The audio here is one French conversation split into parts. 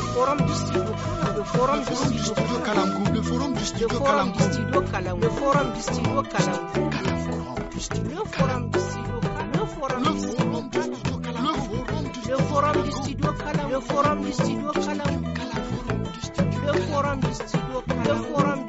le forum du studio le forum studio forum studio le forum le forum le forum studio le forum le forum forum studio le forum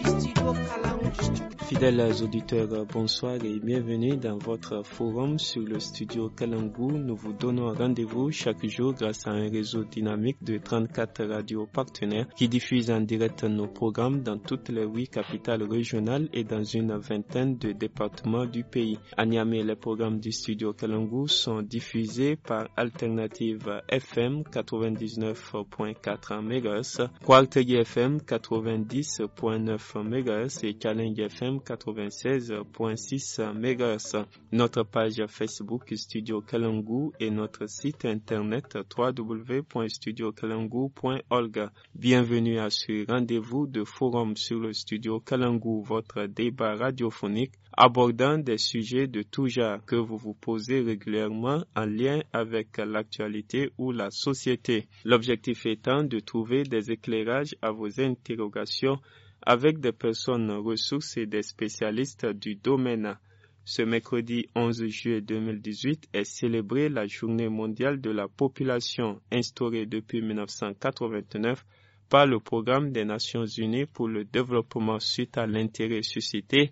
studio Fidèles auditeurs, euh, bonsoir et bienvenue dans votre forum sur le studio Kalangu. Nous vous donnons rendez-vous chaque jour grâce à un réseau dynamique de 34 radios partenaires qui diffusent en direct nos programmes dans toutes les huit capitales régionales et dans une vingtaine de départements du pays. À Niamey, les programmes du studio Kalangu sont diffusés par Alternative FM 99.4 MHz, Quartier FM 90.9 MHz et Challenge FM 96.6 MHz, notre page Facebook Studio Kalangu et notre site internet www.studiokalangu.org. Bienvenue à ce rendez-vous de forum sur le Studio Kalangu, votre débat radiophonique abordant des sujets de tout genre que vous vous posez régulièrement en lien avec l'actualité ou la société. L'objectif étant de trouver des éclairages à vos interrogations avec des personnes ressources et des spécialistes du domaine. Ce mercredi 11 juillet 2018 est célébrée la Journée mondiale de la population instaurée depuis 1989 par le Programme des Nations Unies pour le développement suite à l'intérêt suscité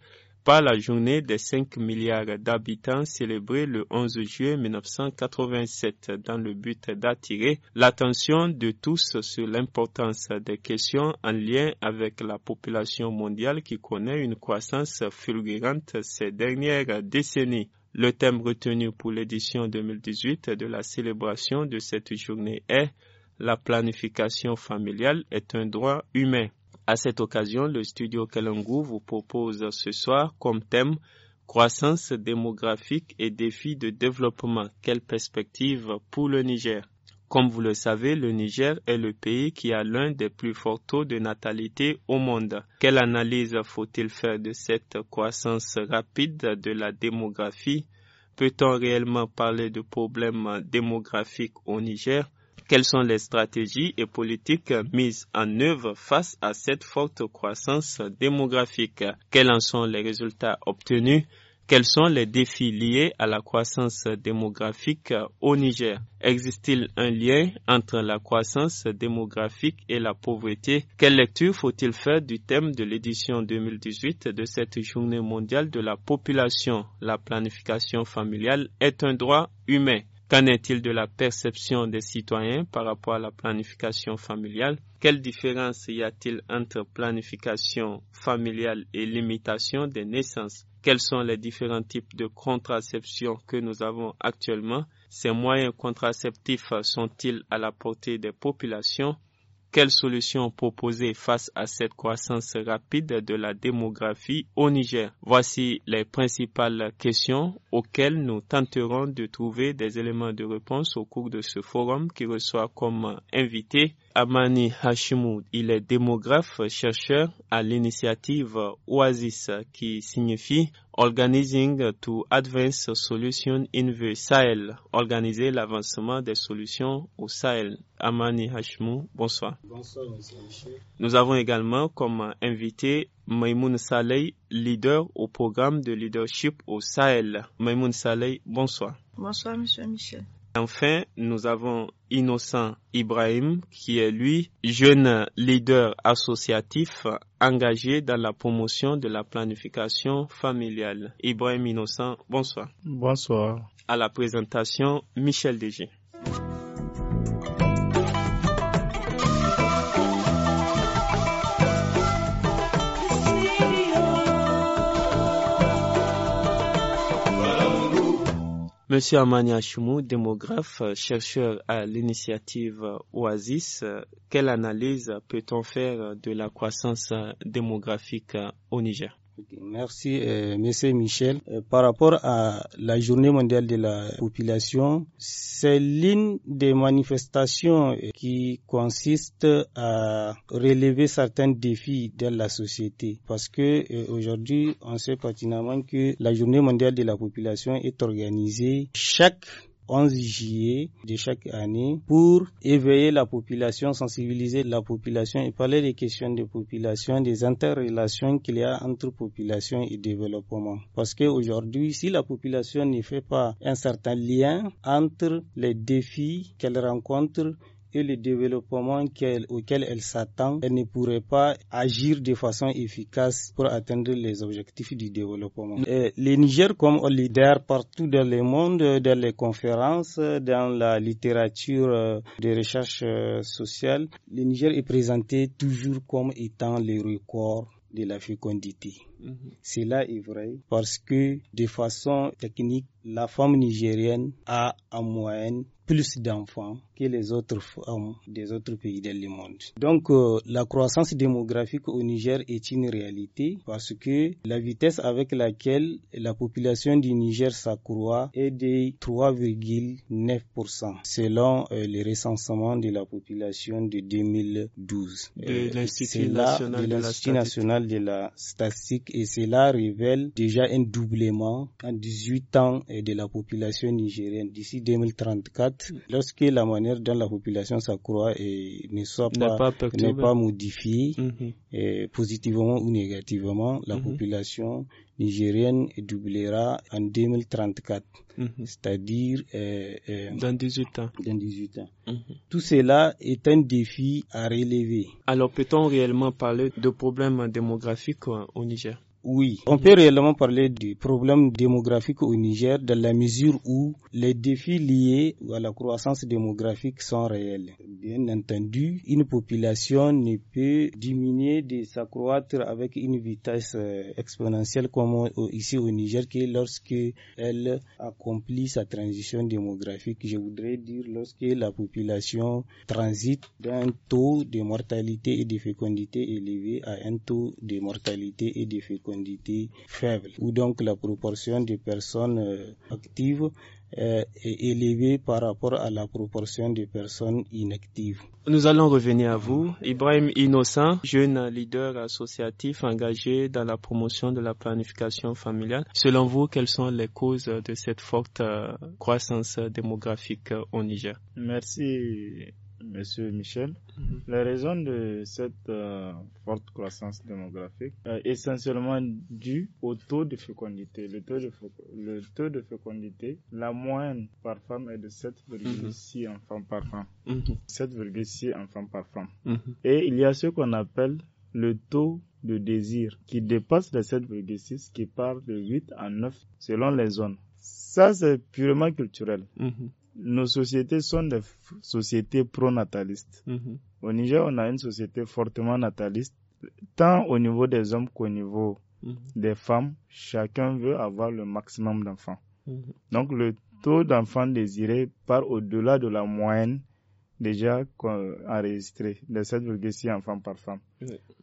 la journée des 5 milliards d'habitants célébrée le 11 juillet 1987 dans le but d'attirer l'attention de tous sur l'importance des questions en lien avec la population mondiale qui connaît une croissance fulgurante ces dernières décennies. Le thème retenu pour l'édition 2018 de la célébration de cette journée est La planification familiale est un droit humain. À cette occasion, le studio Kalangu vous propose ce soir comme thème Croissance démographique et défis de développement. Quelle perspective pour le Niger Comme vous le savez, le Niger est le pays qui a l'un des plus forts taux de natalité au monde. Quelle analyse faut-il faire de cette croissance rapide de la démographie Peut-on réellement parler de problèmes démographiques au Niger quelles sont les stratégies et politiques mises en œuvre face à cette forte croissance démographique Quels en sont les résultats obtenus quels sont les défis liés à la croissance démographique au Niger Existe-t-il un lien entre la croissance démographique et la pauvreté Quelle lecture faut-il faire du thème de l'édition 2018 de cette journée mondiale de la population La planification familiale est un droit humain. Qu'en est-il de la perception des citoyens par rapport à la planification familiale Quelle différence y a-t-il entre planification familiale et limitation des naissances Quels sont les différents types de contraception que nous avons actuellement Ces moyens contraceptifs sont-ils à la portée des populations quelles solutions proposer face à cette croissance rapide de la démographie au Niger Voici les principales questions auxquelles nous tenterons de trouver des éléments de réponse au cours de ce forum qui reçoit comme invité Amani Hashimou. Il est démographe, chercheur à l'initiative OASIS qui signifie Organizing to Advance Solutions in the Sahel, organiser l'avancement des solutions au Sahel. Amani Hashimou, bonsoir. Bonsoir, monsieur Michel. Nous avons également comme invité Maïmoun Saleh, leader au programme de leadership au Sahel. Maïmoun Saleh, bonsoir. Bonsoir, monsieur Michel. Enfin, nous avons Innocent Ibrahim, qui est lui, jeune leader associatif engagé dans la promotion de la planification familiale. Ibrahim Innocent, bonsoir. Bonsoir. À la présentation, Michel Dégé. Monsieur Amania Choumou, démographe, euh, chercheur à l'initiative euh, Oasis, euh, quelle analyse peut-on faire de la croissance démographique au Niger Merci, euh, Monsieur Michel. Euh, par rapport à la Journée mondiale de la population, c'est l'une des manifestations euh, qui consiste à relever certains défis de la société. Parce que euh, aujourd'hui, on sait pertinemment que la Journée mondiale de la population est organisée chaque 11 juillet de chaque année pour éveiller la population, sensibiliser la population et parler des questions de population, des interrelations qu'il y a entre population et développement. Parce qu'aujourd'hui, si la population ne fait pas un certain lien entre les défis qu'elle rencontre et le développement auquel elle s'attend, elle ne pourrait pas agir de façon efficace pour atteindre les objectifs du développement. Et euh, le Niger, comme leader partout dans le monde, dans les conférences, dans la littérature euh, de recherche euh, sociale, le Niger est présenté toujours comme étant le record de la fécondité. Mm-hmm. Cela est vrai parce que de façon technique, la femme nigérienne a en moyenne plus d'enfants que les autres femmes des autres pays du monde. Donc euh, la croissance démographique au Niger est une réalité parce que la vitesse avec laquelle la population du Niger s'accroît est de 3,9% selon euh, les le recensement de la population de 2012. De euh, l'Institut national, de la statistique et cela révèle déjà un doublement en 18 ans de la population nigérienne d'ici 2034, lorsque la manière dont la population s'accroît et ne soit pas, pas modifiée mhm. positivement ou négativement, la mhm. population nigérienne doublera en 2034, mhm. c'est-à-dire euh, euh, dans 18 ans. 18 ans. Tout cela est un défi à relever. Alors peut-on réellement parler de problèmes démographiques euh, au Niger oui, on peut réellement parler du problème démographique au Niger dans la mesure où les défis liés à la croissance démographique sont réels. Bien entendu, une population ne peut diminuer de s'accroître avec une vitesse euh, exponentielle comme ici au Niger que lorsque elle accomplit sa transition démographique. Je voudrais dire lorsque la population transite d'un taux de mortalité et de fécondité élevé à un taux de mortalité et de fécondité fécondité faible, où donc la proportion des personnes euh, actives euh, est élevée par rapport à la proportion des personnes inactives. Nous allons revenir à vous. Ibrahim Innocent, jeune leader associatif engagé dans la promotion de la planification familiale. Selon vous, quelles sont les causes de cette forte euh, croissance démographique au Niger Merci Monsieur Michel, mhm. la raison de cette euh, forte croissance démographique est essentiellement due au taux de fécondité. Le taux de, fécondité, la moyenne par femme est de 7,6 mhm. mhm. enfants par femme. 7,6 enfants par femme. Et il y a ce qu'on appelle le taux de désir qui dépasse les 7,6 qui part de 8 à 9 selon les zones. Ça, c'est purement culturel nos sociétés sont des sociétés pronatalistes. Mhm. Au Niger, on a une société fortement nataliste, tant au niveau des hommes qu'au niveau mhm. des femmes. Chacun veut avoir le maximum d'enfants. Mhm. Donc le taux d'enfants désirés part au-delà de la moyenne déjà enregistrée, de 7,6 enfants par femme.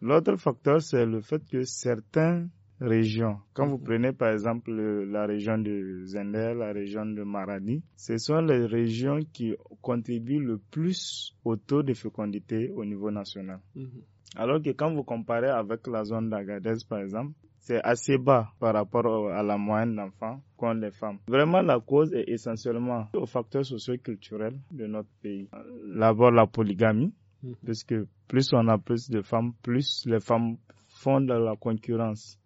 L'autre facteur, c'est le fait que certains régions. Quand vous mhm. prenez par exemple la région de Zender, la région de Maradi, ce sont les régions qui contribuent le plus au taux de fécondité au niveau national. Mhm. Alors que quand vous comparez avec la zone d'Agadez par exemple, c'est assez bas par rapport à la moyenne d'enfants qu'ont les femmes. Vraiment, la cause est essentiellement aux facteurs socio-culturels de notre pays. D'abord, la polygamie, parce mhm. puisque plus on a plus de femmes, plus les femmes font de la concurrence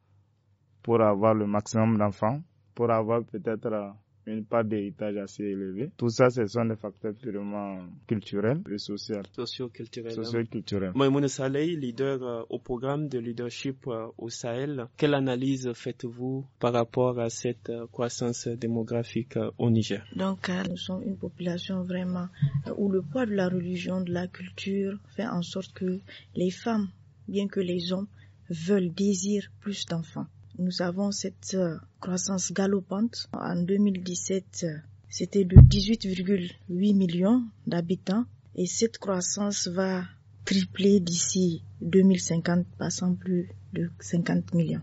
pour avoir le maximum d'enfants, pour avoir peut-être euh, une part d'héritage assez élevée. Tout ça, ce sont des facteurs purement culturels et sociaux. Socio-culturels. Hein. socio Saleh, leader euh, au programme de leadership euh, au Sahel, quelle analyse faites-vous par rapport à cette croissance démographique au Niger Donc, nous sommes une population vraiment où le poids de la religion, de la culture fait en sorte que les femmes, bien que les hommes, veulent, désirent plus d'enfants nous avons cette euh, croissance galopante. En 2017, euh, c'était de 18,8 millions d'habitants et cette croissance va tripler d'ici 2050, passant plus de 50 millions.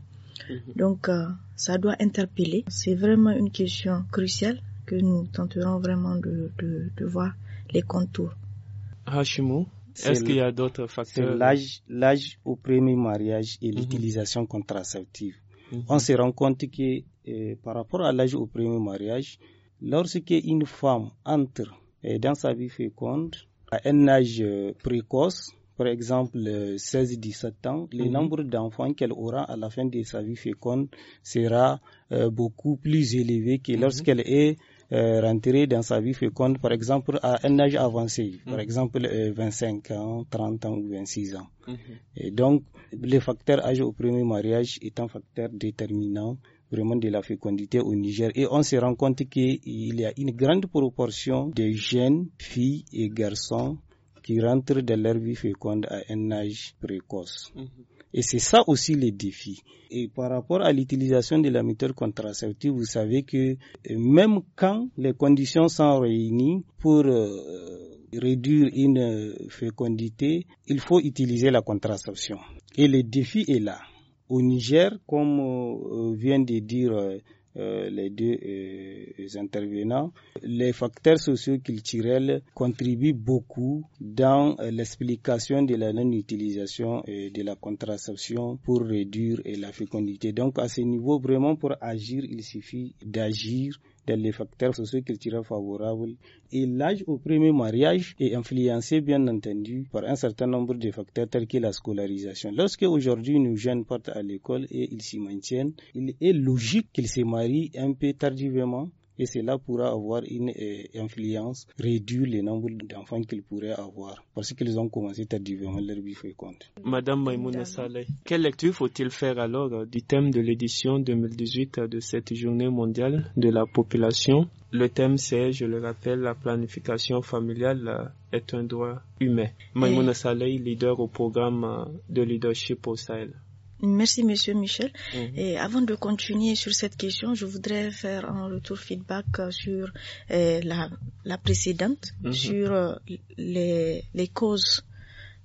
Mhm. Donc, euh, ça doit interpeller. C'est vraiment une question cruciale que nous tenterons vraiment de, voir les contours. Hachimo, est-ce qu'il y a d'autres facteurs L'âge au premier mariage et mhm. l'utilisation contraceptive. Mhm. On se rend compte que euh, par rapport à l'âge au premier mariage, lorsque une femme entre euh, dans sa vie féconde à un âge euh, précoce, par exemple 16-17 ans, le mhm. nombre d'enfants qu'elle aura à la fin de sa vie féconde sera beaucoup plus élevé que mhm. lorsqu'elle est euh, rentrer dans sa vie féconde, par exemple, à un âge avancé, par mhm. exemple 25 euh, ans, 30 ans ou 26 ans. Mhm. Et donc, le facteur âge au premier mariage est un facteur déterminant vraiment de la fécondité au Niger. Et on se rend compte qu'il y a une grande proportion de jeunes filles et garçons qui rentrent dans leur vie féconde à un âge précoce. Mhm. Et c'est ça aussi le défi. Et par rapport à l'utilisation de la méthode contraceptive, vous savez que euh, même quand les conditions sont réunies pour euh, réduire une euh, fécondité, il faut utiliser la contraception. Et le défi est là. Au Niger, comme vient de dire euh, les deux euh, euh, intervenants. Les facteurs socioculturels contribuent beaucoup dans l'explication de la non-utilisation de la contraception pour réduire la fécondité. Donc à ce niveau, vraiment pour agir, il suffit d'agir dans les facteurs sociaux culturels favorables. Et l'âge au premier mariage est influencé, bien entendu, par un certain nombre de facteurs tels que la scolarisation. Lorsque aujourd'hui nos jeunes partent à l'école et ils s'y maintiennent, il est logique qu'ils se marient un peu tardivement et cela pourra avoir une euh, influence, réduire le nombre d'enfants qu'ils pourraient avoir parce qu'ils ont commencé tardivement leur vie fréquente. Madame Maïmouna Saleh, quelle lecture faut-il faire alors euh, du thème de l'édition 2018 euh, de cette journée mondiale de la population Le thème c'est, je le rappelle, la planification familiale est un droit humain. Maïmouna Saleh, leader au programme de leadership au Sahel. Merci, Monsieur Michel. Mhm. Et avant de continuer sur cette question, je voudrais faire un retour feedback euh, sur euh, la, précédente, mhm. sur euh, les, causes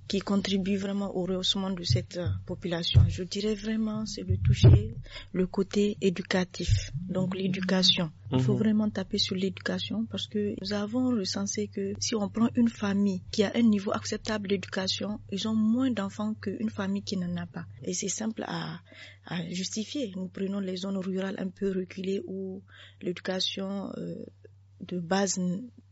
qui contribue vraiment au rehaussement de cette euh, population. Je dirais vraiment, c'est de toucher le côté éducatif, donc l'éducation. Il faut mhm. vraiment taper sur l'éducation parce que nous avons recensé que si on prend une famille qui a un niveau acceptable d'éducation, ils ont moins d'enfants qu'une famille qui n'en a pas. Et c'est simple à, à, justifier. Nous prenons les zones rurales un peu reculées où l'éducation euh, de base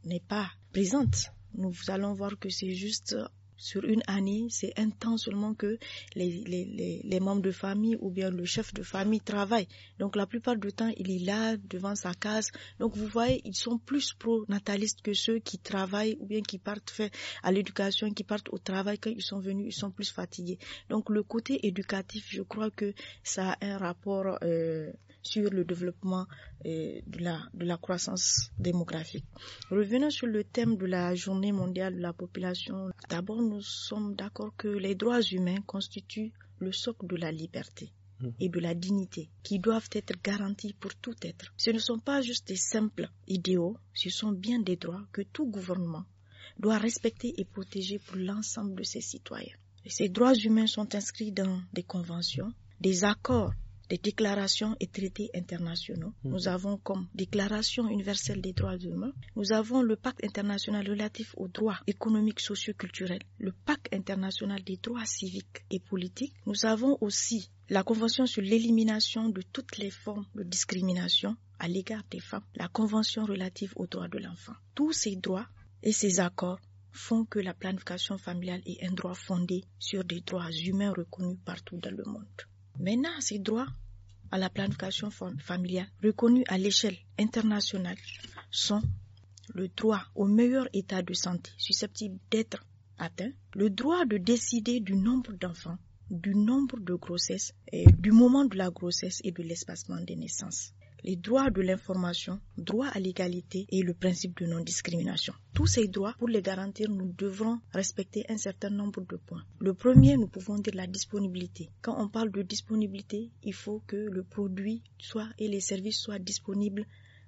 n'est pas présente. Nous allons voir que c'est juste sur une année, c'est un temps seulement que les, les, les, membres de famille ou bien le chef de famille travaillent. Donc la plupart du temps, il est là devant sa case. Donc vous voyez, ils sont plus pronatalistes que ceux qui travaillent ou bien qui partent à l'éducation, qui partent au travail. Quand ils sont venus, ils sont plus fatigués. Donc le côté éducatif, je crois que ça a un rapport euh, sur le développement euh, de la, de la croissance démographique. Revenons sur le thème de la journée mondiale de la population. D'abord, nous sommes d'accord que les droits humains constituent le socle de la liberté mhm. et de la dignité qui doivent être garantis pour tout être. Ce ne sont pas juste des simples idéaux, ce sont bien des droits que tout gouvernement doit respecter et protéger pour l'ensemble de ses citoyens. ces droits humains sont inscrits dans des conventions, des accords des déclarations et traités internationaux. Hmm. Nous avons comme Déclaration universelle des droits humains, nous avons le pacte international relatif aux droits économiques, sociaux, culturels, le pacte international des droits civiques et politiques. Nous avons aussi la Convention sur l'élimination de toutes les formes de discrimination à l'égard des femmes, la Convention relative aux droits de l'enfant. Tous ces droits et ces accords font que la planification familiale est un droit fondé sur des droits humains reconnus partout dans le monde. Maintenant, ces droits à la planification familiale reconnus à l'échelle internationale sont le droit au meilleur état de santé susceptible d'être atteint, le droit de décider du nombre d'enfants, du nombre de grossesses, et du moment de la grossesse et de l'espacement des naissances, les droits de l'information, droit à l'égalité et le principe de non-discrimination. Tous ces droits, pour les garantir, nous devrons respecter un certain nombre de points. Le premier, nous pouvons dire la disponibilité. Quand on parle de disponibilité, il faut que le produit soit et les services soient disponibles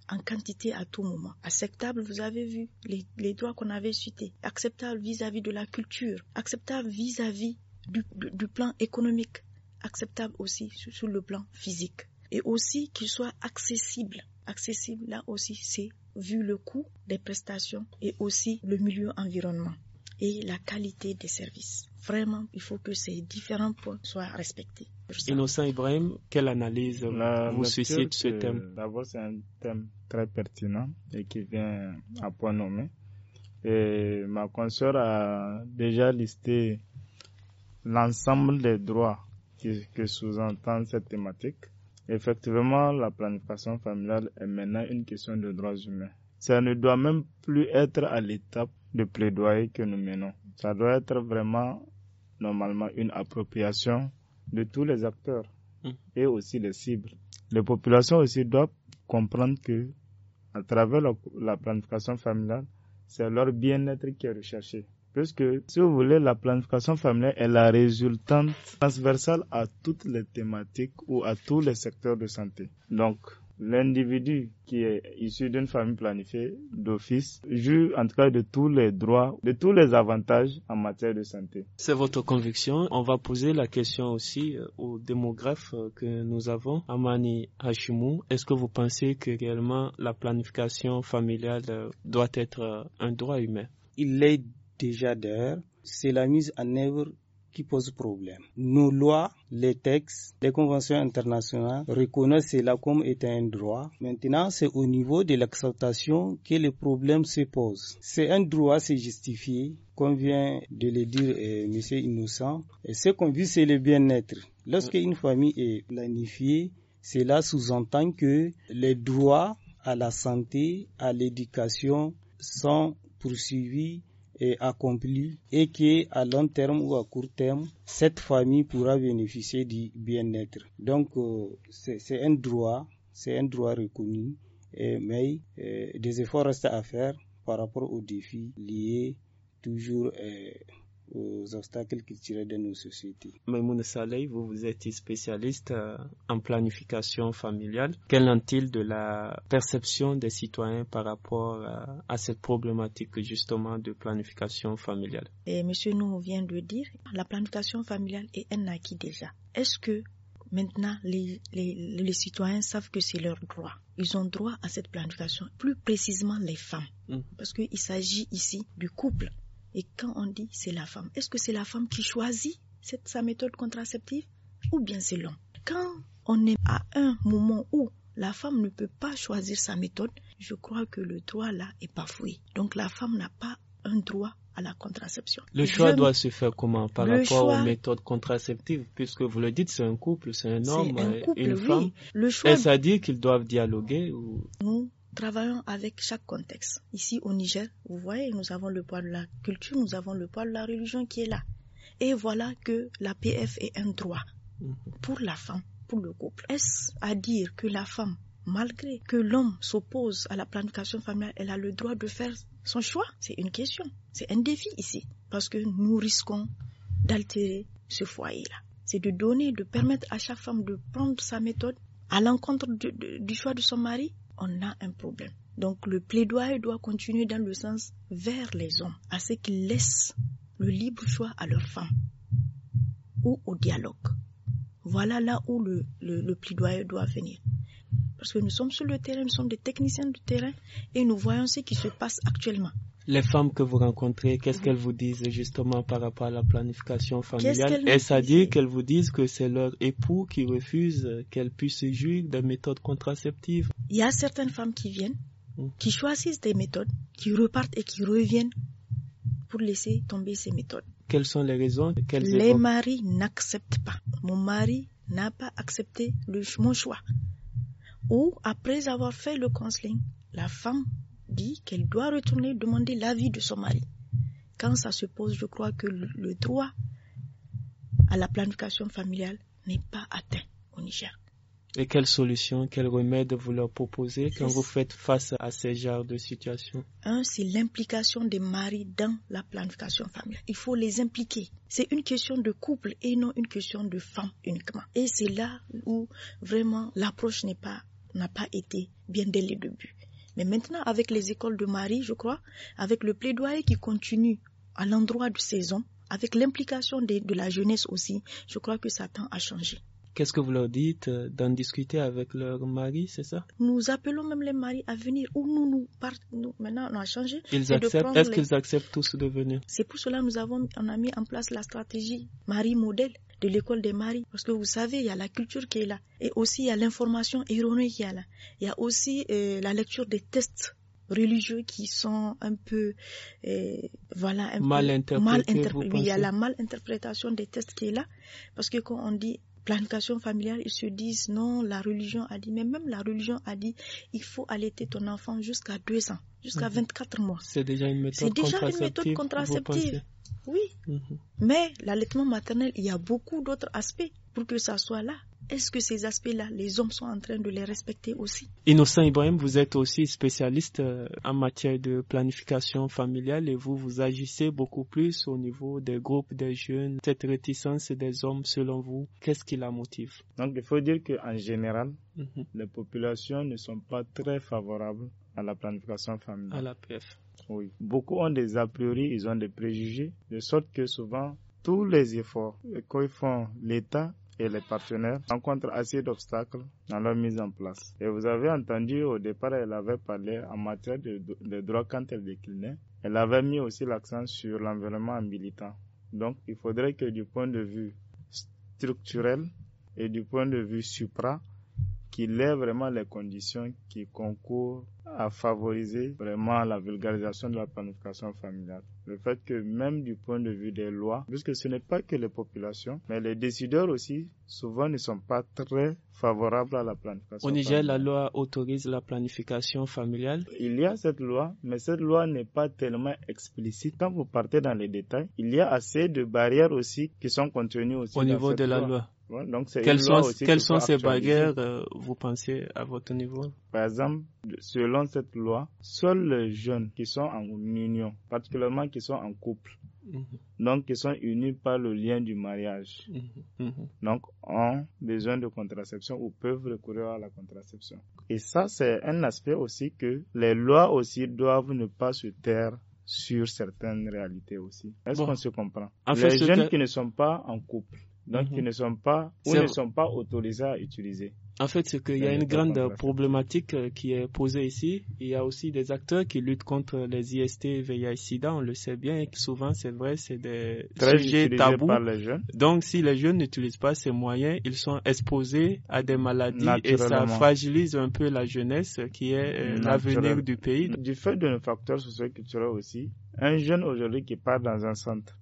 en quantité à tout moment. Acceptable, vous avez vu les, droits qu'on avait cités. Acceptable vis-à-vis de la culture. Acceptable vis-à-vis du, plan économique. Acceptable aussi sur le plan physique et aussi qu'il soit accessible. Accessible, là aussi, c'est vu le coût des prestations et aussi le milieu environnement et la qualité des services. Vraiment, il faut que ces différents points soient respectés. Innocent Ibrahim, quelle analyse vous suscite ce thème D'abord, c'est un thème très pertinent et qui vient à point nommé. Et ma consoeur a déjà listé l'ensemble des droits qui que sous-entend cette thématique. Effectivement, la planification familiale est maintenant une question de droits humains. Ça ne doit même plus être à l'étape de plaidoyer que nous menons. Ça doit être vraiment, normalement, une appropriation de tous les acteurs hmm. et aussi les cibles. Les populations aussi doivent comprendre que, à travers la planification familiale, c'est leur bien-être qui est recherché que, si vous voulez, la planification familiale est la résultante transversale à toutes les thématiques ou à tous les secteurs de santé. Donc, l'individu qui est issu d'une famille planifiée d'office joue en tout cas de tous les droits, de tous les avantages en matière de santé. C'est votre conviction. On va poser la question aussi euh, au démographe euh, que nous avons, Amani Hashimou. Est-ce que vous pensez que réellement la planification familiale euh, doit être un droit humain Il est déjà d'ailleurs, c'est la mise en œuvre qui pose problème. Nos lois, les textes, les conventions internationales reconnaissent cela comme étant un droit. Maintenant, c'est au niveau de l'acceptation que les problèmes se posent. C'est un droit, c'est justifié, comme vient de le dire eh, Monsieur Innocent. Et ce qu'on vit, c'est le bien-être. Lorsqu'une famille est planifiée, cela sous-entend que les droits à la santé, à l'éducation sont poursuivis est et que à long terme ou à court terme, cette famille pourra bénéficier du bien-être. Donc euh, c'est un droit, c'est un droit reconnu, mais euh, des efforts restent à faire par rapport aux défis liés toujours euh, aux obstacles tirent de nos sociétés. Maimoun Saleh, vous, vous êtes spécialiste euh, en planification familiale. Quel en est-il de la perception des citoyens par rapport euh, à, cette problématique justement de planification familiale Et Monsieur nous vient de dire, la planification familiale est un acquis déjà. Est-ce que maintenant les, citoyens savent que c'est leur droit. Ils ont droit à cette planification, plus précisément les femmes, mmh. parce qu'il s'agit ici du couple. Et quand on dit c'est la femme, est-ce que c'est la femme qui choisit sa méthode contraceptive ou bien c'est l'homme Quand on est à un moment où la femme ne peut pas choisir sa méthode, je crois que le droit là est parfoui. Donc la femme n'a pas un droit à la contraception. Le choix doit se faire comment par rapport aux méthodes contraceptives Puisque vous le dites, c'est un couple, c'est un homme et une femme. Est-ce à dire qu'ils doivent dialoguer ou travaillons avec chaque contexte. Ici au Niger, vous voyez, nous avons le poids de la culture, nous avons le poids de la religion qui est là. Et voilà que la PF est un droit mhm. pour la femme, pour le couple. Est-ce à dire que la femme, malgré que l'homme s'oppose à la planification familiale, elle a le droit de faire son choix C'est une question, c'est un défi ici, parce que nous risquons d'altérer ce foyer-là. C'est de donner, de permettre à chaque femme de prendre sa méthode à l'encontre du choix de son mari on a un problème. Donc le plaidoyer doit continuer dans le sens vers les hommes, à ce qu'ils laissent le libre choix à leurs femmes ou au dialogue. Voilà là où le, le plaidoyer doit venir. Parce que nous sommes sur le terrain, nous sommes des techniciens du terrain et nous voyons ce qui se passe actuellement les femmes que vous rencontrez, qu'est-ce qu'elles vous disent justement par rapport à la planification familiale Est-ce à dire qu'elles vous disent que c'est leur époux qui refuse qu'elles puissent jouir des méthodes contraceptives Il y a certaines femmes qui viennent, mmh. qui choisissent des méthodes, qui repartent et qui reviennent pour laisser tomber ces méthodes. Quelles sont les raisons Les maris n'acceptent pas. Mon mari n'a pas accepté mon choix. Ou après avoir fait le counseling, la femme dit qu'elle doit retourner demander l'avis de son mari. Quand ça se pose, je crois que le droit à la planification familiale n'est pas atteint au Niger. Et quelles solutions, quels remèdes vous leur proposez quand vous faites face à ces genres de situations Un, c'est l'implication des maris dans la planification familiale. Il faut les impliquer. C'est une question de couple et non une question de femme uniquement. Et c'est là où vraiment l'approche n'est pas n'a pas été bien dès le début. Mais maintenant, avec les écoles de Marie, je crois, avec le plaidoyer qui continue à l'endroit de saison, avec l'implication de, la jeunesse aussi, je crois que ça tend à changer. Qu'est-ce que vous leur dites euh, d'en discuter avec leur mari, c'est ça Nous appelons même les maris à venir où nous nous partons. Maintenant, on a changé. Est-ce qu'ils acceptent tous de venir C'est pour cela nous avons on a mis en place la stratégie Marie modèle de l'école des maris. Parce que vous savez, il y a la culture qui est là. Et aussi, il y a l'information erronée qui est là. Il y a aussi euh, la lecture des tests religieux qui sont un peu euh, voilà un mal interprétés. il y a la mal interprétation des tests qui est là parce que quand on dit planification familiale, ils se disent non, la religion a dit, mais même la religion a dit, il faut allaiter ton enfant jusqu'à 2 ans, jusqu'à 24 mhm. mois. C'est déjà une méthode contraceptive. C'est déjà une méthode contraceptive. Oui. Mhm. Mais l'allaitement maternel, il y a beaucoup d'autres aspects pour que ça soit là. Est-ce que ces aspects-là, les hommes sont en train de les respecter aussi Innocent Ibrahim, vous êtes aussi spécialiste euh, en matière de planification familiale et vous vous agissez beaucoup plus au niveau des groupes des jeunes. Cette réticence des hommes, selon vous, qu'est-ce qui la motive Donc il faut dire qu'en général, mhm. les populations ne sont pas très favorables à la planification familiale. À la oui. Beaucoup ont des a priori, ils ont des préjugés, de sorte que souvent, tous les efforts que font l'État et les partenaires rencontrent assez d'obstacles dans leur mise en place. Et vous avez entendu au départ, elle avait parlé en matière de, droits quand elle déclinait. Elle avait mis aussi l'accent sur l'environnement militant. Donc il faudrait que du point de vue structurel et du point de vue supra, qui lèvent vraiment les conditions qui concourent à favoriser vraiment la vulgarisation de la planification familiale. Le fait que même du point de vue des lois, puisque ce n'est pas que les populations, mais les décideurs aussi, souvent ne sont pas très favorables à la planification. Au Niger, la loi autorise la planification familiale. Il y a cette loi, mais cette loi n'est pas tellement explicite. Quand vous partez dans les détails, il y a assez de barrières aussi qui sont contenues aussi. Au niveau de la loi donc quelles sont, ces barrières, euh, vous pensez, à votre niveau Par exemple, selon cette loi, seuls les jeunes qui sont en union, particulièrement qui sont en couple, mm-hmm. donc qui sont unis par le lien du mariage, mm-hmm. Mm-hmm. donc ont besoin de contraception ou peuvent recourir à la contraception. Et ça, c'est un aspect aussi que les lois aussi doivent ne pas se taire sur certaines réalités aussi. Est-ce qu'on se comprend Les jeunes qui ne sont pas en couple, donc mhm. ils ne sont pas ou ne sont pas autorisés à utiliser. En fait, c'est qu'il y a une grande problématique euh, qui est posée ici. Il y a aussi des acteurs qui luttent contre les IST, VIH/SIDA. On le sait bien. Et souvent, c'est vrai, c'est des sujets tabous. Par les jeunes. Donc, si les jeunes n'utilisent pas ces moyens, ils sont exposés à des maladies et ça fragilise un peu la jeunesse, qui est euh, l'avenir du pays. Du fait de facteur tu culturel aussi, un jeune aujourd'hui qui part dans un centre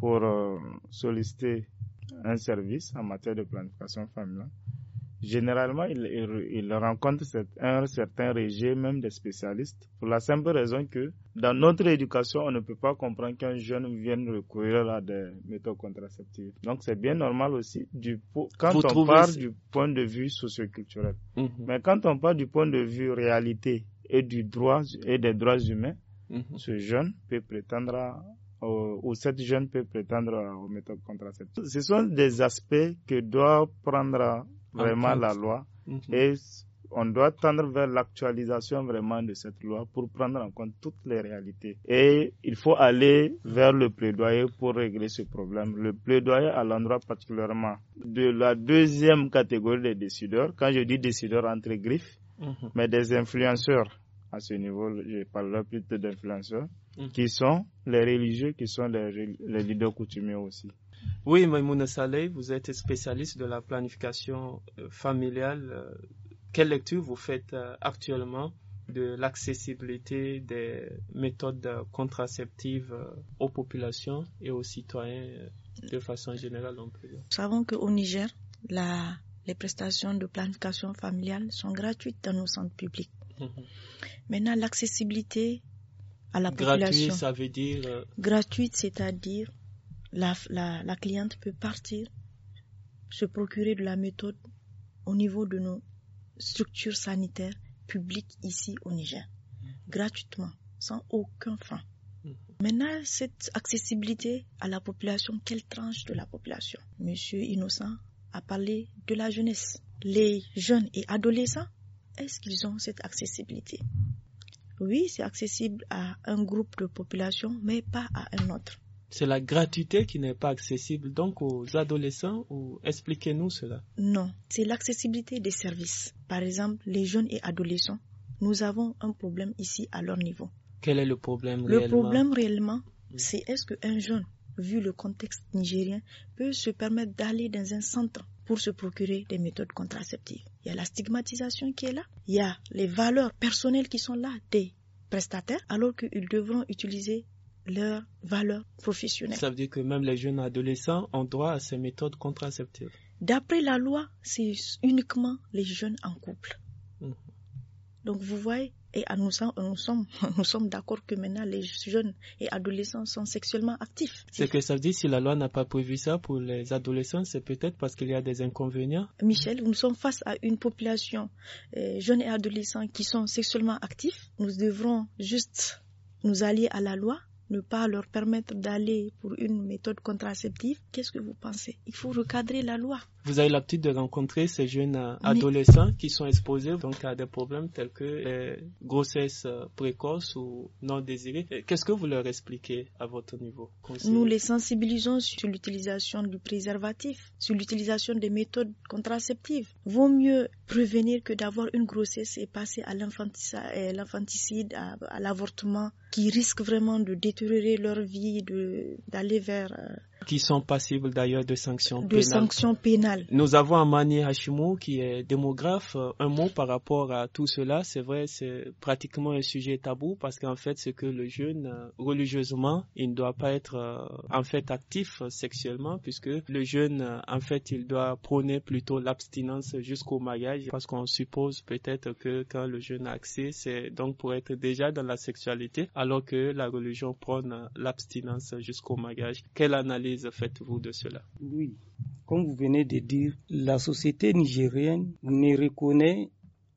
pour euh, solliciter un service en matière de planification familiale, généralement, il, il, rencontre un certain rejet même des spécialistes pour la simple raison que dans notre éducation, on ne peut pas comprendre qu'un jeune vienne recourir à des méthodes contraceptives. Donc c'est bien normal aussi du, quand on parle du point de vue socioculturel. Mhm. Mais quand on parle du point de vue réalité et du droit et des droits humains, mhm. ce jeune peut prétendre à où cette jeune peut prétendre aux méthodes contraceptives. Ce sont des aspects que doit prendre vraiment la loi mhm. et on doit tendre vers l'actualisation vraiment de cette loi pour prendre en compte toutes les réalités. Et il faut aller vers le plaidoyer pour régler ce problème. Le plaidoyer à l'endroit particulièrement de la deuxième catégorie des décideurs, quand je dis décideurs entre griffes, mhm. mais des influenceurs. À ce niveau, je là plutôt d'influenceurs. Mm. qui sont les religieux, qui sont les, leaders coutumiers aussi. Oui, Maimouna Saleh, vous êtes spécialiste de la planification euh, familiale. Euh, quelle lecture vous faites euh, actuellement de l'accessibilité des méthodes contraceptives aux populations et aux citoyens de façon générale en plus Nous savons qu'au Niger, les prestations de planification familiale sont gratuites dans nos centres publics. Mm-hmm. Maintenant, l'accessibilité à la population. Gratuit, ça veut dire euh, Gratuite, c'est-à-dire la, la, la, cliente peut partir, se procurer de la méthode au niveau de nos structures sanitaires publiques ici au Niger, gratuitement, sans aucun frein. Mhm. Maintenant, cette accessibilité à la population, quelle tranche de la population Monsieur Innocent a parlé de la jeunesse. Les jeunes et adolescents, est-ce qu'ils ont cette accessibilité oui, c'est accessible à un groupe de population, mais pas à un autre. C'est la gratuité qui n'est pas accessible donc aux adolescents ou expliquez-nous cela. Non, c'est l'accessibilité des services. Par exemple, les jeunes et adolescents, nous avons un problème ici à leur niveau. Quel est le problème le réellement Le problème réellement, mm. c'est est-ce qu'un jeune, vu le contexte nigérien, peut se permettre d'aller dans un centre pour se procurer des méthodes contraceptives. Il y a la stigmatisation qui est là il y a les valeurs personnelles qui sont là des prestataires, alors qu'ils devront utiliser leurs valeurs professionnelles. Ça veut dire que même les jeunes adolescents ont droit à ces méthodes contraceptives. D'après la loi, c'est uniquement les jeunes en couple. Mhm. Donc vous voyez, et nous, sommes, nous sommes d'accord que maintenant les jeunes et adolescents sont sexuellement actifs. C'est que ça veut dire si la loi n'a pas prévu ça pour les adolescents, c'est peut-être parce qu'il y a des inconvénients. Michel, nous sommes face à une population euh, jeunes jeune et adolescents qui sont sexuellement actifs. Nous devrons juste nous allier à la loi ne pas leur permettre d'aller pour une méthode contraceptive, qu'est-ce que vous pensez Il faut recadrer la loi. Vous avez l'habitude de rencontrer ces jeunes euh, adolescents qui sont exposés donc à des problèmes tels que euh, grossesse euh, précoce ou non désirée. Qu'est-ce que vous leur expliquez à votre niveau Nous les sensibilisons sur l'utilisation du préservatif, sur l'utilisation des méthodes contraceptives. Vaut mieux prévenir que d'avoir une grossesse et passer à l'infanticide, à l'avortement qui risque vraiment de détruire leur vie, d'aller vers euh, qui sont passibles d'ailleurs de sanctions de pénales. sanctions pénales. Nous avons Amani Hashimou qui est démographe. Euh, un mot par rapport à tout cela. C'est vrai, c'est pratiquement un sujet tabou parce qu'en fait, c'est que le jeune, euh, religieusement, il ne doit pas être euh, en fait actif sexuellement puisque le jeune, en fait, il doit prôner plutôt l'abstinence jusqu'au mariage parce qu'on suppose peut-être que quand le jeune a accès, c'est donc pour être déjà dans la sexualité alors que la religion prône l'abstinence jusqu'au mariage. Quelle analyse faites-vous de cela Oui, comme vous venez de dire, la société nigérienne ne reconnaît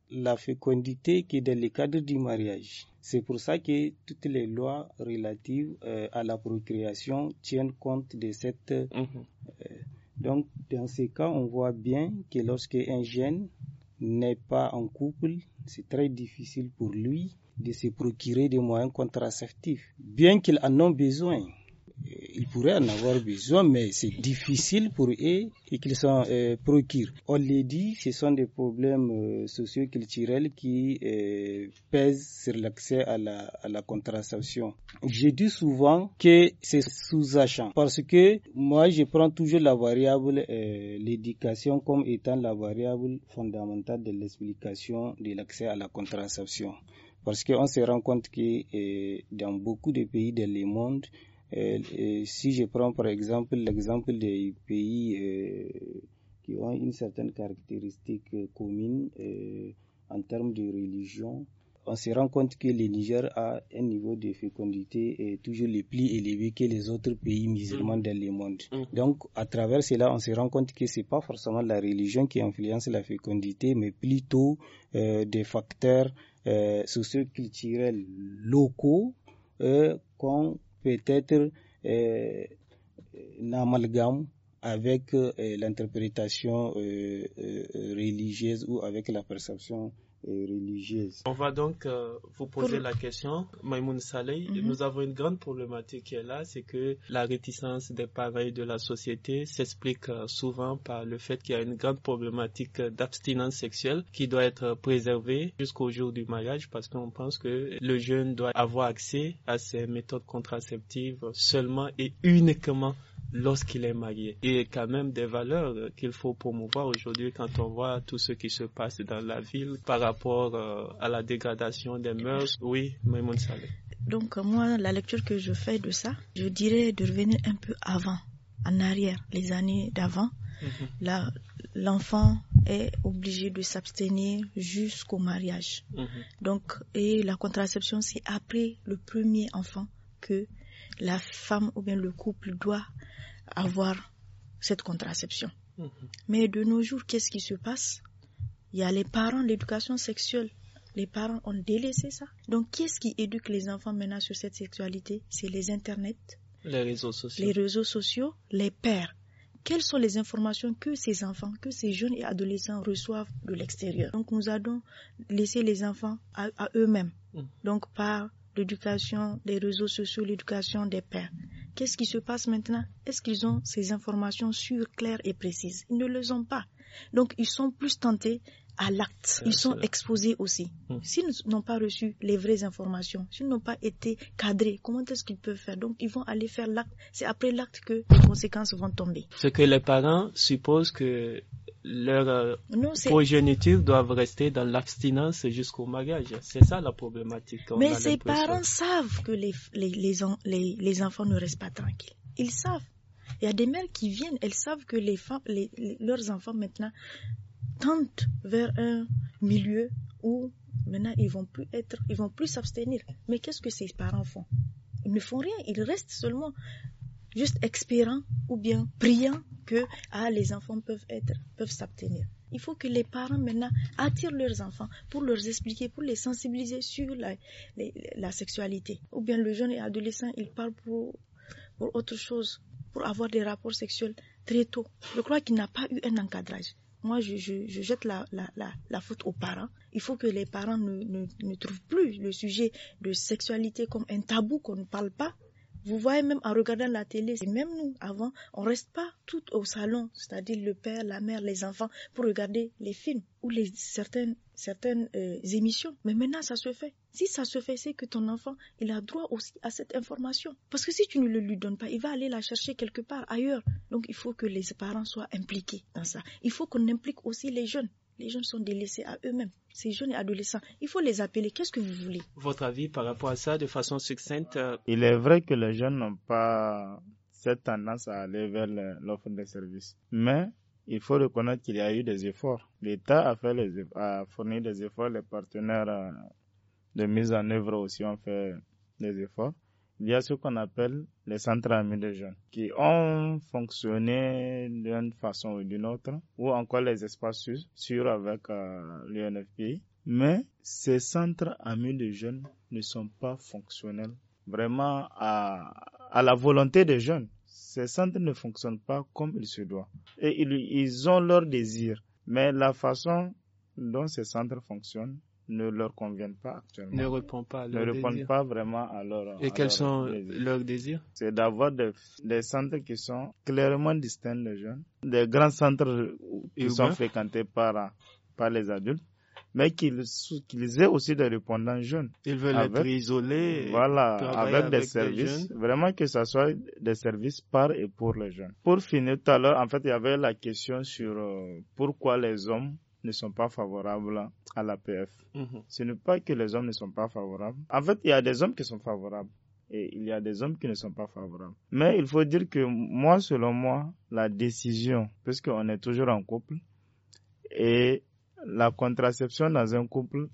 la fécondité que dans le cadre du mariage. C'est pour ça que toutes les lois relatives euh, à la procréation tiennent compte de cette... Euh, mhm. donc, dans ces cas, on voit bien que lorsque un jeune n'est pas en couple, c'est très difficile pour lui de se procurer des moyens contraceptifs, bien qu'il en ait besoin ils pourraient en avoir besoin, mais c'est difficile pour eux et qu'ils s'en euh, procurent. On l'a dit, ce sont des problèmes sociaux euh, socio-culturels qui euh, pèsent sur l'accès à la, à la contraception. J'ai dit souvent que c'est sous achat parce que moi, je prends toujours la variable euh, l'éducation comme étant la variable fondamentale de l'explication de l'accès à la contraception. Parce qu'on se rend compte que euh, dans beaucoup de pays dans le monde, euh, si je prends par exemple l'exemple des pays euh, qui ont une certaine caractéristique euh, commune en termes de religion, on se rend compte que le Niger a un niveau de fécondité toujours le plus élevé que les autres pays musulmans mm. dans le monde. Mm. Donc, à travers cela, on se rend compte que ce n'est pas forcément la religion qui influence la fécondité, mais plutôt des facteurs euh, culturels locaux qu'on peut-être euh, un amalgame avec euh, l'interprétation euh, religieuse ou avec la perception on va donc euh, vous poser la question, Maïmoun Saleh. Mhm. Nous avons une grande problématique qui est là, c'est que la réticence des pareils de la société s'explique euh, souvent par le fait qu'il y a une grande problématique euh, d'abstinence sexuelle qui doit être préservée jusqu'au jour du mariage parce qu'on pense que le jeune doit avoir accès à ces méthodes contraceptives seulement et uniquement lorsqu'il est marié. Et quand même des valeurs qu'il faut promouvoir aujourd'hui quand on voit tout ce qui se passe dans la ville par rapport euh, à la dégradation des mœurs. Oui, Maïmoun Saleh. Donc euh, moi, la lecture que je fais de ça, je dirais de revenir un peu avant, en arrière, les années d'avant. Mhm. là L'enfant est obligé de s'abstenir jusqu'au mariage. Mhm. Donc, et la contraception, c'est après le premier enfant que la femme ou bien le couple doit avoir cette contraception. Mhm. Mais de nos jours, qu'est-ce qui se passe Il y a les parents, l'éducation sexuelle. Les parents ont délaissé ça. Donc, qu'est-ce qui éduque les enfants maintenant sur cette sexualité C'est les internets, les réseaux sociaux, les réseaux sociaux, les pères. Quelles sont les informations que ces enfants, que ces jeunes et adolescents reçoivent de l'extérieur Donc, nous allons laisser les enfants à, eux-mêmes. Mhm. Donc, par l'éducation des réseaux sociaux, l'éducation des pères. Qu'est-ce qui se passe maintenant Est-ce qu'ils ont ces informations sûres, claires et précises Ils ne les ont pas. Donc ils sont plus tentés à l'acte. Ils sont exposés aussi. Hum. S'ils n'ont pas reçu les vraies informations, s'ils n'ont pas été cadrés, comment est-ce qu'ils peuvent faire Donc ils vont aller faire l'acte. C'est après l'acte que les conséquences vont tomber. Ce que les parents supposent que leur euh, progénitures doivent rester dans l'abstinence jusqu'au mariage. C'est ça la problématique. Mais ses hein. parents savent que les, les, les, les, enfants ne restent pas tranquilles. Ils savent. Il y a des mères qui viennent, elles savent que les leurs enfants maintenant tentent vers un milieu où maintenant ils vont plus être, ils vont plus s'abstenir. Mais qu'est-ce que ces parents font Ils ne font rien, ils restent seulement juste espérant ou bien priant que ah, les enfants peuvent être, peuvent s'abstenir. Il faut que les parents maintenant attirent leurs enfants pour leur expliquer, pour les sensibiliser sur la, sexualité. Ou bien le jeune et adolescent, il parle pour, pour autre chose, pour avoir des rapports sexuels très tôt. Je crois qu'il n'a pas eu un encadrage. Moi, je, jette la, faute aux parents. Il faut que les parents ne trouvent plus le sujet de sexualité comme un tabou qu'on ne parle pas, vous voyez même en regardant la télé, et même nous, avant, on reste pas tout au salon, c'est-à-dire le père, la mère, les enfants, pour regarder les films ou les certaines certaines euh, émissions. Mais maintenant, ça se fait. Si ça se fait, c'est que ton enfant, il a droit aussi à cette information. Parce que si tu ne le lui donnes pas, il va aller la chercher quelque part ailleurs. Donc, il faut que les parents soient impliqués dans ça. Il faut qu'on implique aussi les jeunes. Les jeunes sont délaissés à eux-mêmes. Ces jeunes et adolescents, il faut les appeler. Qu'est-ce que vous voulez Votre avis par rapport à ça de façon succincte euh, Il est vrai que les jeunes n'ont pas cette tendance à aller vers l'offre de services. Mais il faut reconnaître qu'il y a eu des efforts. L'État a, a fourni des efforts, les partenaires euh, de mise en œuvre aussi ont fait des efforts il y a ce qu'on appelle les centres amis des jeunes qui ont fonctionné d'une façon ou d'une autre, ou encore les espaces sûrs avec euh, l'UNFPI. Mais ces centres amis des jeunes ne sont pas fonctionnels vraiment à, à la volonté des jeunes. Ces centres ne fonctionnent pas comme il se doit. Et ils ont leur désir. Mais la façon dont ces centres fonctionnent ne leur conviennent pas actuellement. Ne répondent pas à répondent pas vraiment à leurs Et quels sont leurs désirs C'est d'avoir des, centres qui sont clairement distincts des jeunes, des grands centres qui sont fréquentés par, par les adultes, mais qu'ils aient aussi des répondants jeunes. Ils veulent être isolés. Voilà, avec, des services. Vraiment que ce soit des services par et pour les jeunes. Pour finir tout à l'heure, en fait, il y avait la question sur euh, pourquoi les hommes ne sont pas favorables à l'APF. PF. Mhm. Ce n'est pas que les hommes ne sont pas favorables. En fait, il y a des hommes qui sont favorables et il y a des hommes qui ne sont pas favorables. Mais il faut dire que moi, selon moi, la décision, puisqu'on est toujours en couple, et la contraception dans un couple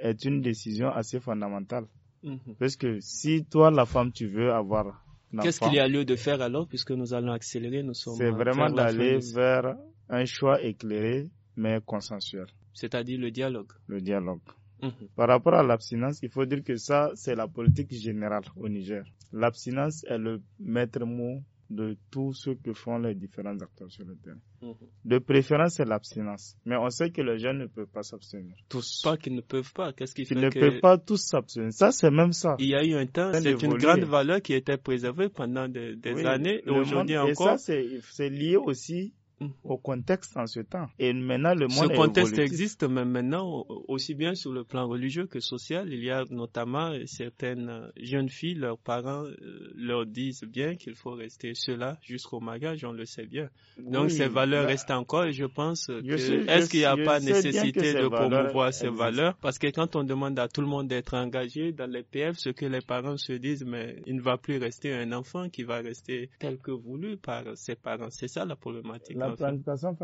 est une décision assez fondamentale. Mhm. Parce que si toi, la femme, tu veux avoir... Qu'est-ce qu'il y a lieu de faire alors, puisque nous allons accélérer, nous sommes... C'est vraiment d'aller vers un choix éclairé mais consensuel. C'est-à-dire le dialogue. Le dialogue. Mhm. Par rapport à l'abstinence, il faut dire que ça, c'est la politique générale au Niger. L'abstinence est le maître mot de tout ce que font les différents acteurs sur le terrain. Mhm. De préférence, c'est l'abstinence. Mais on sait que les jeunes ne peuvent pas s'abstenir. Tous. Pas qu'ils ne peuvent pas. Qu'est-ce qui Ils ne peuvent pas tous s'abstenir. Ça, c'est même ça. Il y a eu un temps, c'est une grande valeur qui était préservée pendant des, années. Et aujourd'hui encore. Et ça, c'est lié aussi Mhm. au contexte en ce temps. Et maintenant, le monde. Ce contexte existe mais maintenant, aussi bien sur le plan religieux que social. Il y a notamment certaines jeunes filles, leurs parents euh, leur disent bien qu'il faut rester cela jusqu'au mariage, on le sait bien. Donc ces valeurs bah, restent encore et je pense que est-ce qu'il n'y a pas nécessité de promouvoir ces valeurs Parce que quand on demande à tout le monde d'être engagé dans les PF, ce que les parents se disent, mais il ne va plus rester un enfant qui va rester tel que voulu par ses parents. C'est ça la problématique la planification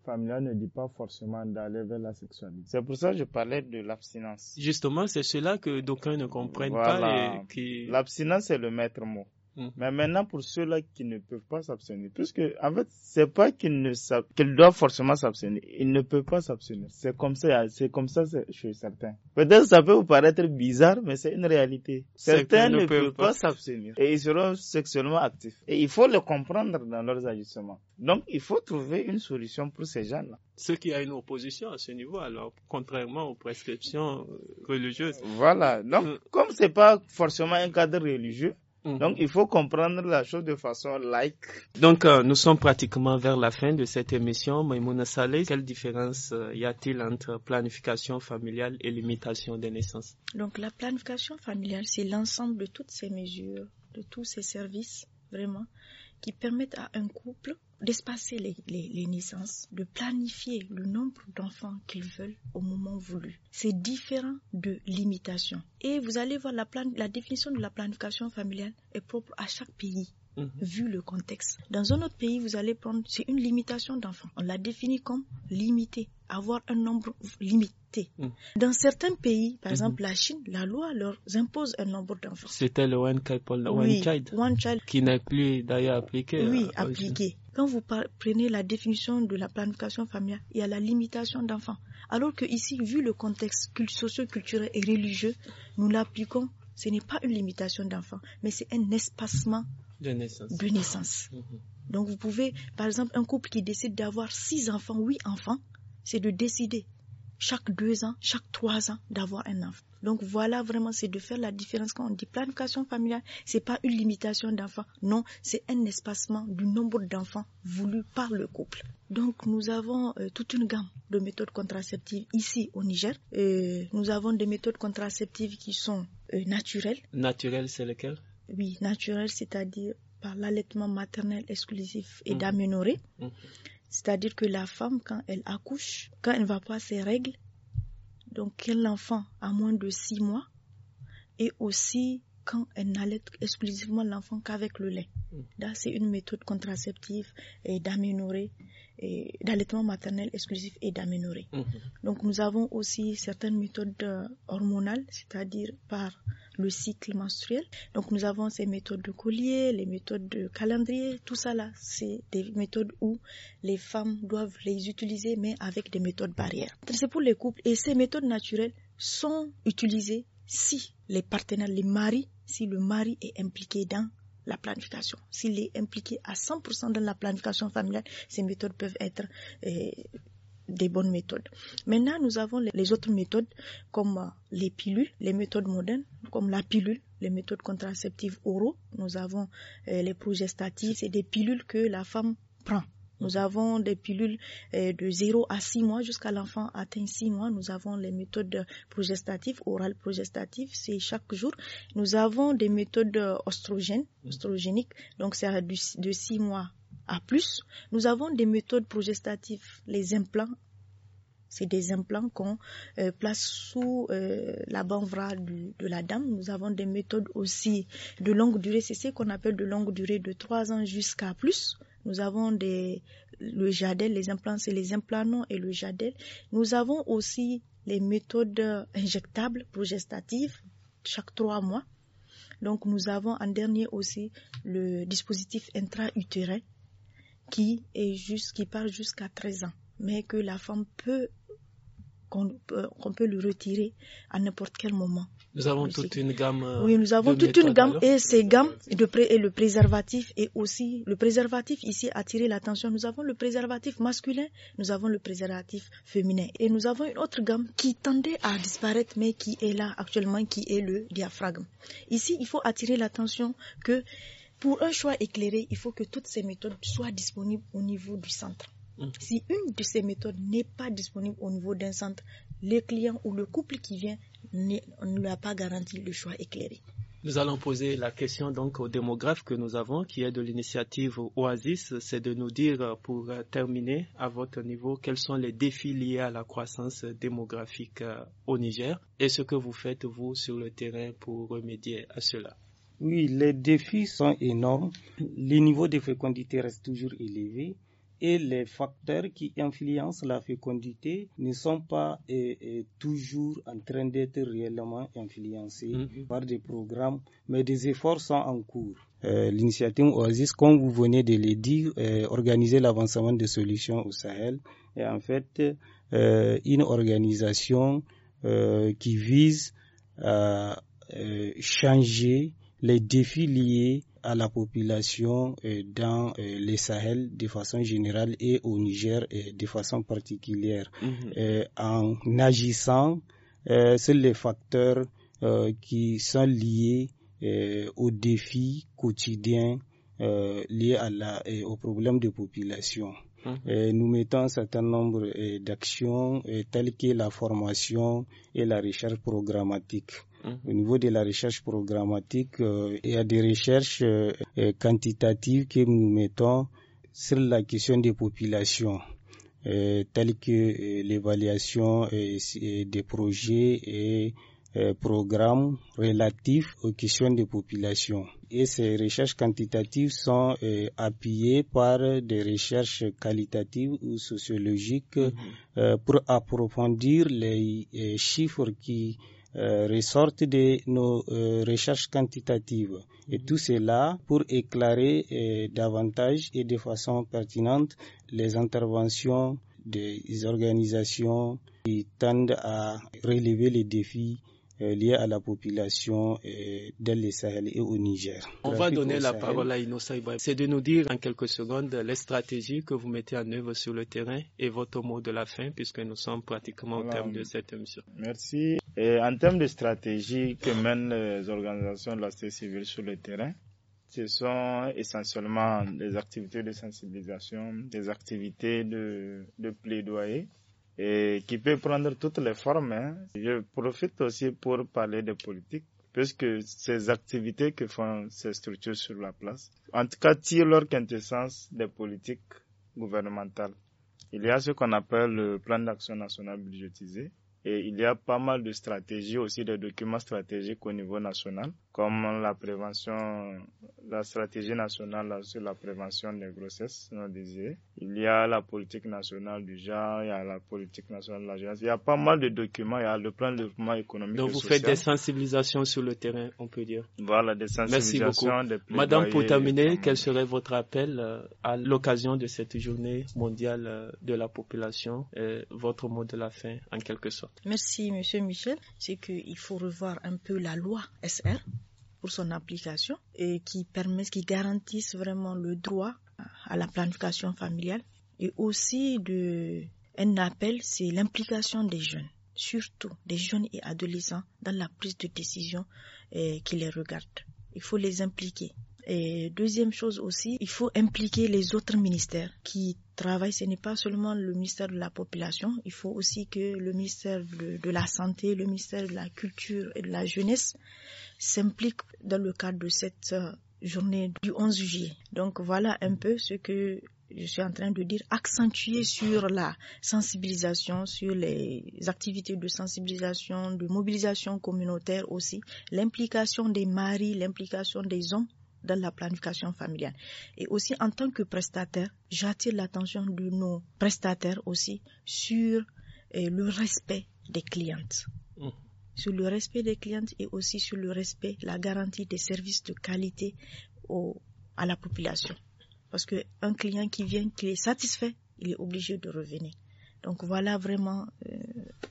familiale ne dit pas forcément d'aller vers la sexualité. C'est pour ça que je parlais de l'abstinence. Justement, c'est cela que d'aucuns ne comprennent pas. qui... L'abstinence est le maître mot. Hmm. Mais maintenant, pour ceux-là qui ne peuvent pas s'abstenir, puisque, en fait, c'est pas qu'ils ne qu'ils doivent forcément s'abstenir. Ils ne peuvent pas s'abstenir. C'est comme ça, c'est comme ça, je suis certain. Peut-être ça peut vous paraître bizarre, mais c'est une réalité. Certains ne, peuvent pas s'abstenir. Et ils seront sexuellement actifs. Et il faut le comprendre dans leurs ajustements. Donc, il faut trouver une solution pour ces gens-là. Ceux qui a une opposition à ce niveau, alors, contrairement aux prescriptions religieuses. Voilà. Donc, hmm. comme c'est pas forcément un cadre religieux, Mm. Donc, il faut comprendre la chose de façon like. Donc, euh, nous sommes pratiquement vers la fin de cette émission. Maïmouna Saleh, quelle différence euh, y a-t-il entre planification familiale et limitation des naissances Donc, la planification familiale, c'est l'ensemble de toutes ces mesures, de tous ces services, vraiment, qui permettent à un couple d'espacer les, les, naissances, de planifier le nombre d'enfants qu'ils veulent au moment voulu. C'est différent de l'imitation. Et vous allez voir, la, définition de la planification familiale est propre à chaque pays. Mhm. vu le contexte. Dans un autre pays, vous allez prendre, c'est une limitation d'enfants. On la définit comme limitée avoir un nombre limité. Mm. Dans certains pays, par mm-hmm. exemple la Chine, la loi leur impose un nombre d'enfants. C'était le One, Child, one Child, qui n'est plus d'ailleurs appliqué. Euh, oui, appliqué. Quand vous prenez la définition de la planification familiale, il y a la limitation d'enfants. Alors que ici, vu le contexte socio-culturel et religieux, nous l'appliquons. Ce n'est pas une limitation d'enfants, mais c'est un espacement de naissance. Mm-hmm. Donc vous pouvez, par exemple, un couple qui décide d'avoir six enfants, huit enfants, c'est de décider chaque deux ans, chaque trois ans d'avoir un enfant. Donc voilà vraiment, c'est de faire la différence quand on dit planification familiale, n'est pas une limitation d'enfants, non, c'est un espacement du nombre d'enfants voulu par le couple. Donc nous avons euh, toute une gamme de méthodes contraceptives ici au Niger. nous avons des méthodes contraceptives qui sont euh, naturelles. Naturelles, c'est lesquelles Oui, naturelles, c'est-à-dire par l'allaitement maternel exclusif et mmh. d'aménorrhée. Mmh. C'est-à-dire que la femme, quand elle accouche, quand elle ne va pas ses règles, donc l'enfant a moins de six mois, et aussi quand elle n'allait exclusivement l'enfant qu'avec le lait. Là, mm. c'est une méthode contraceptive et d'améliorer d'allaitement maternel exclusif et d'aménorrhée. Mhm. Donc nous avons aussi certaines méthodes euh, hormonales, c'est-à-dire par le cycle menstruel. Donc nous avons ces méthodes de collier, les méthodes de calendrier, tout ça là, c'est des méthodes où les femmes doivent les utiliser mais avec des méthodes barrières. C'est pour les couples et ces méthodes naturelles sont utilisées si les partenaires, les maris, si le mari est impliqué dans planification. S'il est impliqué à 100% dans la planification familiale, ces méthodes peuvent être euh, des bonnes méthodes. Maintenant, nous avons les autres méthodes comme euh, les pilules, les méthodes modernes, comme la pilule, les méthodes contraceptives oraux. Nous avons euh, les progestatifs, c'est des pilules que la femme prend nous avons des pilules euh, de 0 à 6 mois jusqu'à l'enfant atteint 6 mois. Nous avons les méthodes progestatives, orales progestatives, c'est chaque jour. Nous avons des méthodes oestrogènes, mm. oestrogéniques, donc c'est de 6 mois à plus. Nous avons des méthodes progestatives, les implants c'est des implants qu'on euh, place sous euh, la banvra de la dame. Nous avons des méthodes aussi de longue durée. C'est ce qu'on appelle de longue durée de 3 ans jusqu'à plus. Nous avons des, le jadel, les implants, c'est les implants et le jadel. Nous avons aussi les méthodes injectables, progestatives, chaque trois mois. Donc, nous avons en dernier aussi le dispositif intra-utérin qui, est juste, part jusqu'à 13 ans, mais que la femme peut qu'on peut le retirer à n'importe quel moment. Nous avons toute une gamme. Euh, oui, nous avons toute une gamme et ces gammes de pré et le préservatif et aussi le préservatif ici attirer l'attention. Nous avons le préservatif masculin, nous avons le préservatif féminin et nous avons une autre gamme qui tendait à disparaître mais qui est là actuellement qui est le diaphragme. Ici, il faut attirer l'attention que pour un choix éclairé, il faut que toutes ces méthodes soient disponibles au niveau du centre. Hum. Si une de ces méthodes n'est pas disponible au niveau d'un centre, le client ou le couple qui vient on ne lui a pas garanti le choix éclairé. Nous allons poser la question donc au démographe que nous avons, qui est de l'initiative Oasis, c'est de nous dire euh, pour euh, terminer à votre niveau quels sont les défis liés à la croissance démographique euh, au Niger et ce que vous faites vous sur le terrain pour remédier à cela. Oui, les défis sont énormes. Les niveaux de fécondité restent toujours élevés et les facteurs qui influencent la fécondité ne sont pas euh, euh, toujours en train d'être réellement influencés mm-hmm. par des programmes, mais des efforts sont en cours. Euh, l'initiative Oasis, comme vous venez de le dire, euh, organiser l'avancement des solutions au Sahel est en fait une organisation qui vise à changer les défis liés à la population euh, dans euh, le Sahel de façon générale et au Niger euh, de façon particulière mhm. en agissant c'est les facteurs qui sont liés aux défis quotidiens liés à la, aux problèmes de population. Mhm. nous mettons un certain nombre d'actions telles que la formation et la recherche programmatique. Mhm. Au niveau de la recherche programmatique, euh, il y a des recherches euh, euh, quantitatives que nous mettons sur la question des populations, telles que l'évaluation des projets et programmes relatifs aux questions des populations. Et ces recherches quantitatives sont appuyées par des recherches qualitatives ou sociologiques mhm. pour approfondir les chiffres qui euh, ressortent de nos euh, recherches quantitatives. Et mhm. tout cela pour éclairer euh, davantage et de façon pertinente les interventions des organisations qui tendent à relever les défis euh, liés à la population euh, dans le Sahel et au Niger. On va donner la parole à Inosa C'est de nous dire en quelques secondes les stratégies que vous mettez en œuvre sur le terrain et votre mot de la fin puisque nous sommes pratiquement au terme de cette émission. Merci. en termes de stratégie que mènent les organisations de la société civile sur le terrain, ce sont essentiellement des activités de sensibilisation, des activités de, de plaidoyer et qui peut prendre toutes les formes. Hein. Je profite aussi pour parler de politique puisque ces activités que font ces structures sur la place, en tout cas, tirent leur quintessence des politiques gouvernementales. Il y a ce qu'on appelle le plan d'action national budgétisé, et il y a pas mal de stratégies aussi, des documents stratégiques au niveau national, comme la prévention, la stratégie nationale sur la prévention des grossesses non désirées. Il y a la politique nationale du genre, il y a la politique nationale de l'agence. Il y a pas mal de documents, il y a le plan de développement économique. Donc vous faites des sensibilisations sur le terrain, on peut dire. Voilà, des sensibilisations. Merci beaucoup. Madame, pour terminer, quel serait votre appel euh, à l'occasion de cette journée mondiale euh, de la population, et euh, votre mot de la fin, en quelque sorte? Merci, Monsieur Michel. C'est qu'il faut revoir un peu la loi SR pour son application et qui permettent, qui garantissent vraiment le droit à la planification familiale et aussi de un appel, c'est l'implication des jeunes, surtout des jeunes et adolescents dans la prise de décision eh, qui les regarde. Il faut les impliquer et deuxième chose aussi, il faut impliquer les autres ministères qui travaillent. ce n'est pas seulement le ministère de la population, il faut aussi que le ministère de, de la Santé, le ministère de la Culture et de la Jeunesse s'impliquent dans le cadre de cette euh, journée du 11 juillet. Donc voilà un peu ce que je suis en train de dire, accentuer sur la sensibilisation, sur les activités de sensibilisation, de mobilisation communautaire aussi, l'implication des maris, l'implication des hommes dans la planification familiale. Et aussi en tant que prestataire, j'attire l'attention de nos prestataires aussi sur eh, le respect des clientes. Mmh. Sur le respect des clientes et aussi sur le respect, la garantie des services de qualité à la population. Parce qu'un client qui vient, qui est satisfait, il est obligé de revenir. Donc voilà vraiment euh,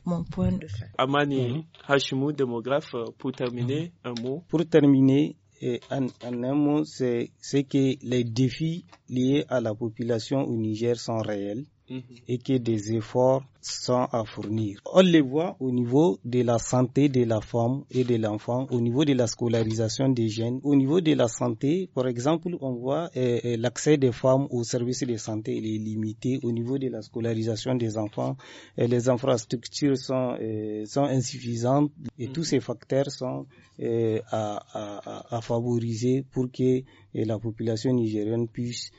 mon point de fait Amani mmh. Hashimou, démographe, pour terminer, mmh. un mot. Pour terminer, et en, en, un mot, c'est que les défis liés à la population au Niger sont réels. Mhm. et que des efforts sont à fournir. On les voit au niveau de la santé de la femme et de l'enfant, au niveau de la scolarisation des jeunes, au niveau de la santé, par exemple, on voit euh, euh, l'accès des femmes aux services de santé est limité, au niveau de la scolarisation des enfants, les infrastructures euh, sont, insuffisantes et tous mhm. ces facteurs sont à, à, favoriser pour que la population nigérienne puisse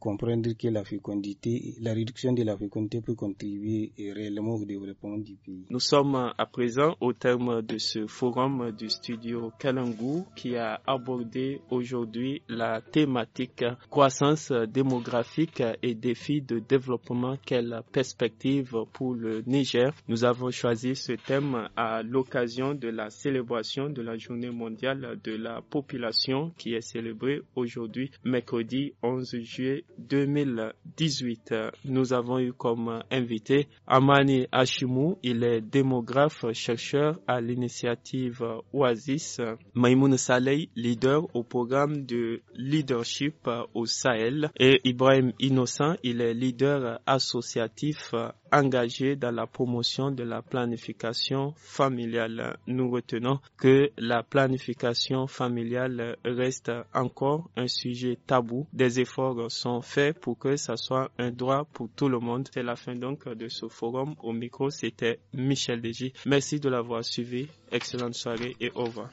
comprendre que la fécondité, la réduction de la fécondité peut contribuer réellement au développement du pays. Nous sommes à présent au terme de ce forum du studio Kalangu qui a abordé aujourd'hui la thématique croissance démographique et défis de développement. Quelle perspective pour le Niger Nous avons choisi ce thème à l'occasion de la célébration de la journée mondiale de la population qui est célébrée aujourd'hui, mercredi 11 juin. 2018. Euh, nous avons eu comme euh, invité Amani Hashimou. Il est démographe, chercheur à l'initiative euh, Oasis. Maïmoun Saleh, leader au programme de leadership au Sahel. Et Ibrahim Innocent, il est leader associatif engagé dans la promotion de la planification familiale. Nous retenons que la planification familiale reste encore un sujet tabou. Des efforts sont faits pour que ça soit un droit pour tout le monde. C'est la fin donc de ce forum. Au micro, c'était Michel Deji. Merci de l'avoir suivi. Excellente soirée et au revoir.